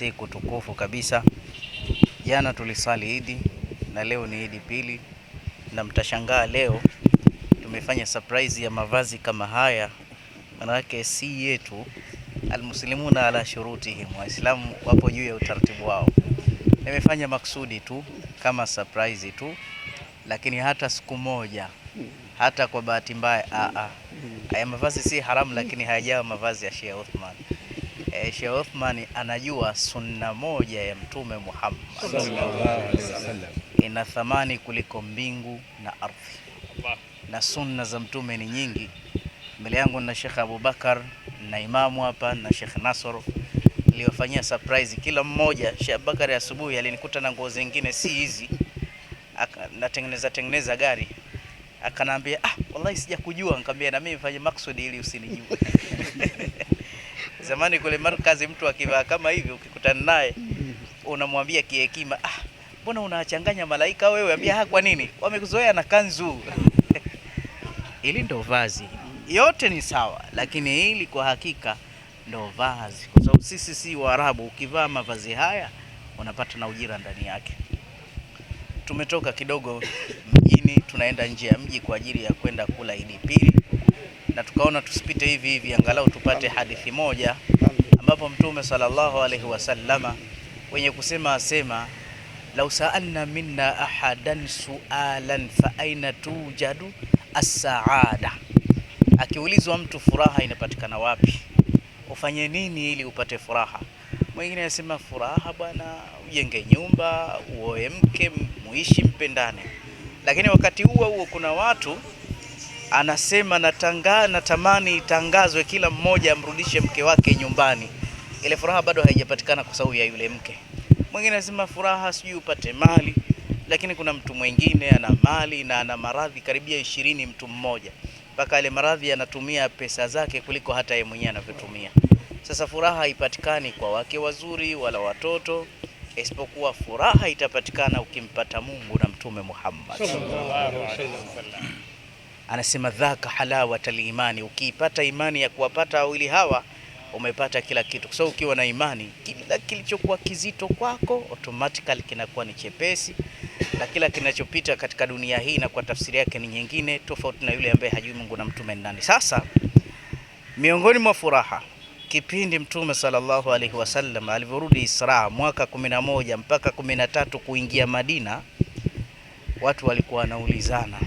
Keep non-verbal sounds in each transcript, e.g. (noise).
Siku tukufu kabisa. Jana tulisali Idi na leo ni Idi pili, na mtashangaa leo tumefanya surprise ya mavazi kama haya, manake si yetu. Almuslimuna ala shurutihim, Waislamu wapo juu ya utaratibu wao. Nimefanya maksudi tu kama surprise tu, lakini hata siku moja, hata kwa bahati mbaya, a a, haya mavazi si haramu, lakini hayajawa mavazi ya Sheikh Uthman eh, Sheikh Othman anajua sunna moja ya Mtume Muhammad sallallahu alaihi wasallam ina thamani kuliko mbingu na ardhi, na sunna za mtume ni nyingi. Mbele yangu na Sheikh Abubakar na imamu hapa na Sheikh Nasr niliwafanyia surprise kila mmoja. Sheikh Abubakar asubuhi alinikuta na nguo zingine si hizi, natengeneza tengeneza gari akanambia, ah, wallahi sijakujua. Nikamwambia na mimi fanye maksudi ili usinijue (laughs) Zamani kule markazi mtu akivaa kama hivi ukikutana naye unamwambia kihekima, ah, mbona unachanganya malaika wewe? Ambia ah, kwa nini? Wamekuzoea na kanzu (laughs) hili ndo vazi, yote ni sawa, lakini hili kwa hakika ndo vazi, kwa sababu sisi si Waarabu. Ukivaa mavazi haya unapata na ujira ndani yake. Tumetoka kidogo mjini, tunaenda nje ya mji kwa ajili ya kwenda kula Idi Pili na tukaona tusipite hivi hivi, angalau tupate hadithi moja ambapo Mtume sallallahu alaihi wasallama wenye kusema asema, lau saalna minna ahadan sualan fa aina tujadu assaada, akiulizwa mtu furaha inapatikana wapi, ufanye nini ili upate furaha? Mwingine anasema furaha bwana, ujenge nyumba, uoe mke, muishi, mpendane. Lakini wakati huo huo kuna watu anasema natanga, natamani itangazwe kila mmoja amrudishe mke wake nyumbani. Ile furaha bado haijapatikana kwa sababu ya yule mke. Mwingine anasema furaha sijui upate mali, lakini kuna mtu mwingine ana mali na ana maradhi karibia ishirini mtu mmoja, mpaka ile maradhi anatumia pesa zake kuliko hata yeye mwenyewe anavyotumia. Sasa furaha haipatikani kwa wake wazuri wala watoto, isipokuwa furaha itapatikana ukimpata Mungu na Mtume Muhammad sallallahu alaihi wasallam anasema dhaka halawata limani, ukiipata imani ya kuwapata wawili hawa umepata kila kitu, kwa sababu ukiwa na imani kila kilichokuwa kizito kwako automatically kinakuwa ni chepesi, na kila kinachopita katika dunia hii na kwa tafsiri yake ni nyingine tofauti na yule ambaye hajui Mungu na mtume ndani. Sasa miongoni mwa furaha kipindi Mtume sallallahu alaihi wasallam alivyorudi Isra mwaka 11 mpaka 13 kuingia Madina, watu walikuwa wanaulizana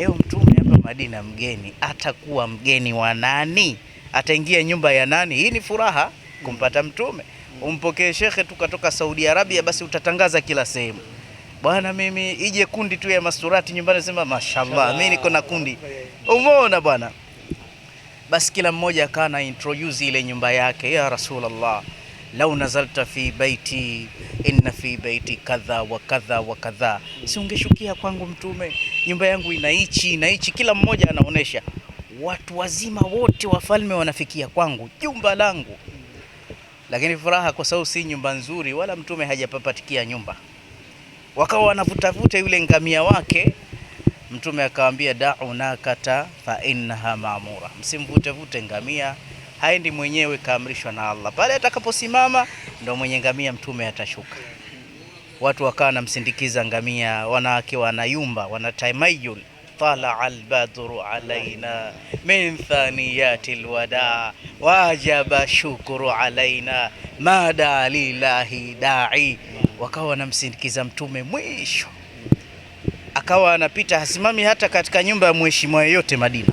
leo mtume hapa Madina mgeni, atakuwa mgeni wa nani? Ataingia nyumba ya nani? Hii ni furaha kumpata mtume. Umpokee shekhe tukatoka Saudi Arabia, basi utatangaza kila sehemu, bwana, mimi ije kundi tu ya masurati nyumbani, sema mashallah, mimi niko na kundi. Umeona bwana, basi kila mmoja akawa na introduce ile nyumba yake, ya Rasulullah lau nazalta fi baiti inna fi baiti kadha wa kadha wa kadha, si ungeshukia kwangu Mtume, nyumba yangu inaichi inaichi. Kila mmoja anaonesha watu wazima wote wafalme wanafikia kwangu jumba langu, lakini furaha kwa sababu si nyumba nzuri, wala Mtume hajapapatikia nyumba. Wakawa wanavutavuta yule ngamia wake. Mtume akawaambia, dau nakata fa innaha mamura, msimvutevute ngamia haendi mwenyewe, kaamrishwa na Allah. Pale atakaposimama ndo mwenye ngamia mtume atashuka, watu wakawa wanamsindikiza ngamia, wanawake wanayumba, wanatamayun Tala albadru alaina min thaniyati alwada wajaba shukuru alaina mada lilahi dai. Wakawa wanamsindikiza mtume, mwisho akawa anapita, hasimami hata katika nyumba ya mheshimiwa yeyote Madina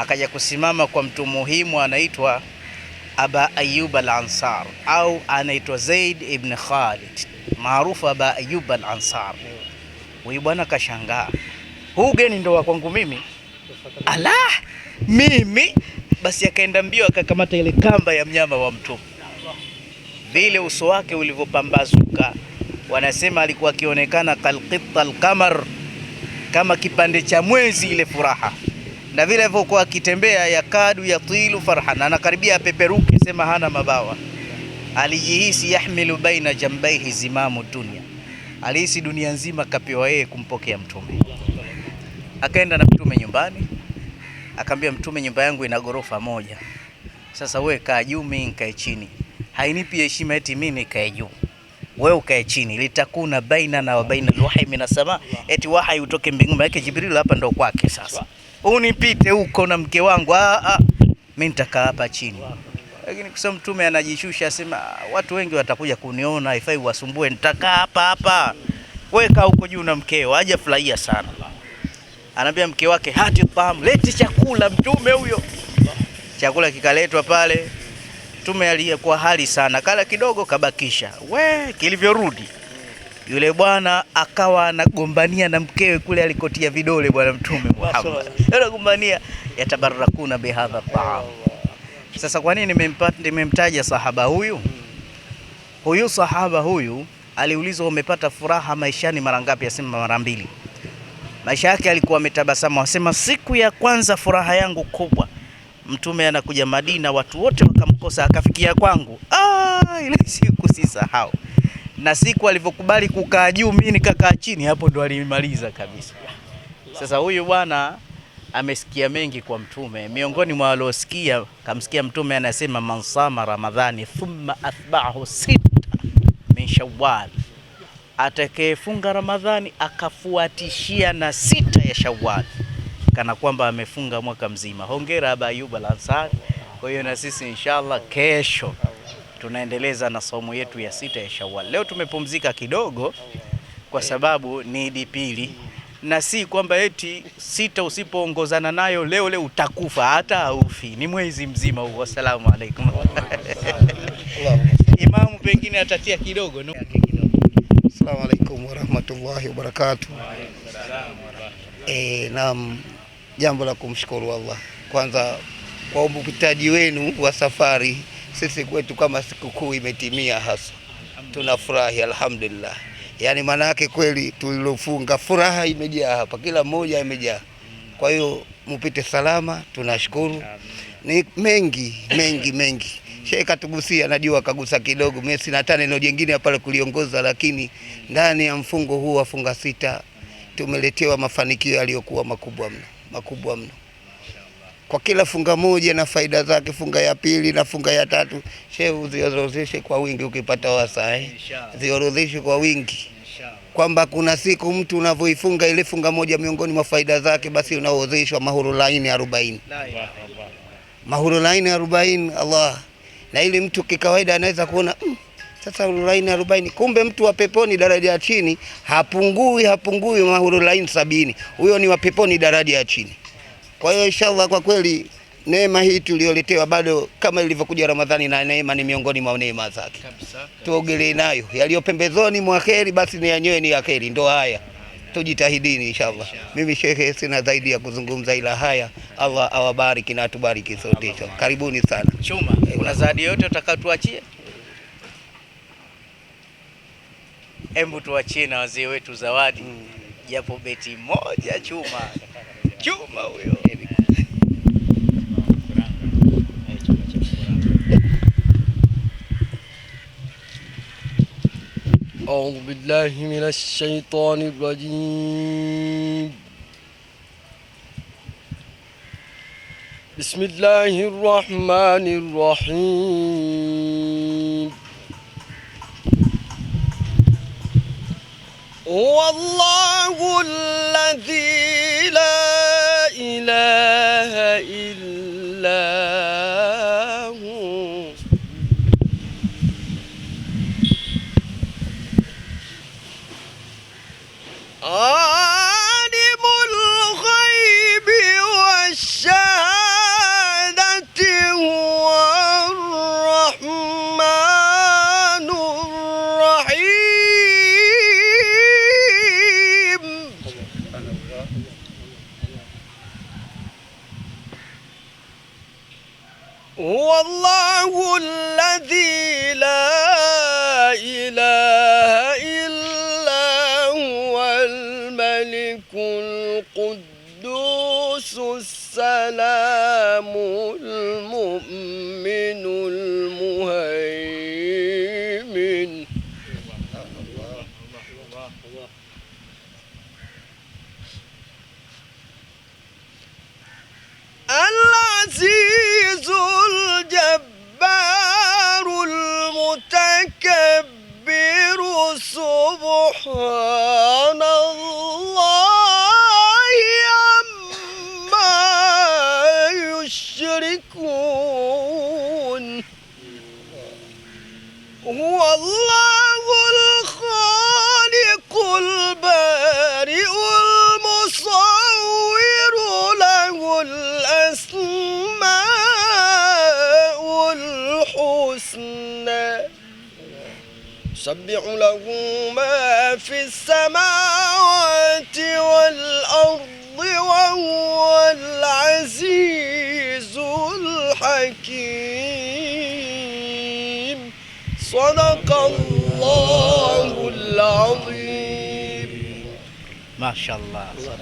akaja kusimama kwa mtu muhimu anaitwa Aba Ayyub al-Ansar au anaitwa Zaid ibn Khalid maarufu Aba Ayyub al-Ansar. Huyu bwana kashangaa, huu geni ndo wa kwangu mimi, ala mimi basi. Akaenda mbio akakamata ile kamba ya mnyama wa mtu, vile uso wake ulivyopambazuka, wanasema alikuwa akionekana kalqita alqamar, kama kipande cha mwezi, ile furaha na vile hivyo kwa akitembea ya kadu ya tilu farhan, anakaribia apeperuke, sema hana mabawa. Alijihisi yahmilu baina jambaihi zimamu dunia, alihisi dunia nzima kapewa yeye kumpokea Mtume. Akaenda na Mtume nyumbani, akamwambia Mtume, nyumba yangu ina gorofa moja, sasa wewe kaa juu, mimi nikae chini. Hainipi heshima eti mimi nikae juu wewe ukae chini, litakuna baina na wa baina alwahyi min eti wahi utoke mbinguni. Maana Jibril hapa ndo kwake sasa unipite huko na mke wangu, mimi ah, ah. nitakaa hapa chini. Lakini kwa sababu Mtume anajishusha, asema ah, watu wengi watakuja kuniona, haifai wasumbue, nitakaa hapa hapa. Weka huko juu na mkeo, furahia sana. Anaambia mke wake, hati pam, leti chakula. Mtume huyo, chakula kikaletwa pale. Mtume aliyekuwa hali sana, kala kidogo, kabakisha we kilivyorudi yule bwana akawa anagombania na mkewe kule alikotia vidole Bwana Mtume Muhammad, anagombania yatabarakuna bihadha taam. Sasa kwa nini nimemtaja sahaba huyu? Huyu sahaba huyu aliulizwa umepata furaha maishani mara ngapi? Asema mara mbili. Maisha yake alikuwa ametabasamu. Asema siku ya kwanza furaha yangu kubwa, Mtume anakuja Madina, watu wote wakamkosa, akafikia kwangu. Ah, ile siku sisahau na siku alivyokubali kukaa juu, mimi nikakaa chini, hapo ndo alimaliza kabisa. Sasa huyu bwana amesikia mengi kwa Mtume, miongoni mwa waliosikia kamsikia Mtume anasema, mansama Ramadhani thumma atba'ahu sita min Shawwal, atakayefunga Ramadhani akafuatishia na sita ya Shawwal, kana kwamba amefunga mwaka mzima. Hongera Aba Ayub Lansari. Kwa hiyo na sisi inshallah kesho tunaendeleza na somo yetu ya sita ya Shawwal. Leo tumepumzika kidogo kwa sababu ni Idi pili, na si kwamba eti sita usipoongozana nayo leo leo utakufa, hata haufi, ni mwezi mzima huo. Asalamu alaikum. Imamu pengine atatia kidogo no? Asalamu alaikum warahmatullahi wabarakatuh. Eh, naam, jambo la kumshukuru Allah kwanza kwa upitaji wenu wa safari sisi kwetu kama sikukuu imetimia hasa, tunafurahi alhamdulillah. yani maana yake kweli tulilofunga, furaha imejaa hapa, kila mmoja imejaa. Kwa hiyo mupite salama, tunashukuru. Ni mengi mengi mengi Sheikh katugusia, najua kagusa kidogo. Mimi sina hata neno jingine pale kuliongoza, lakini ndani ya mfungo huu wa funga sita tumeletewa mafanikio yaliyokuwa makubwa mno, makubwa mno kwa kila funga moja na faida zake, funga ya pili na funga ya tatu. Shehe, uziorodheshe kwa wingi ukipata wasaa eh, ziorodheshe kwa wingi kwamba kuna siku mtu unavyoifunga ile funga moja miongoni mwa faida zake, basi unaozeshwa mahuru laini 40 mahuru laini 40 Allah. Na ili mtu kikawaida anaweza kuona mm, sasa mahuru laini 40, kumbe mtu wa peponi daraja ya chini hapungui hapungui mahuru laini sabini. Huyo ni wa peponi daraja ya chini. Kwa hiyo inshallah, kwa kweli neema hii tuliyoletewa bado kama ilivyokuja Ramadhani, na neema ni miongoni mwa neema zake, tuogelee nayo. Yaliyo pembezoni mwa kheri, basi ni yanyoe ni ya kheri, ndo haya Tujitahidini inshallah. Mimi shekhe, sina zaidi ya kuzungumza ila haya. Allah awabariki na atubariki sote. Karibuni sana. Chuma, kuna zawadi yote utakayotuachia? Hebu tuachie na wazee wetu zawadi, mm. japo beti moja. Chuma, Chuma huyo. أعوذ بالله من الشيطان الرجيم بسم الله الرحمن الرحيم هو الله الذي سلام المؤمن يشركون هو الله الخالق البارئ المصور له الأسماء الحسنى سبح له ما في السماوات والأرض وهو العزيز العظيم ما شاء الله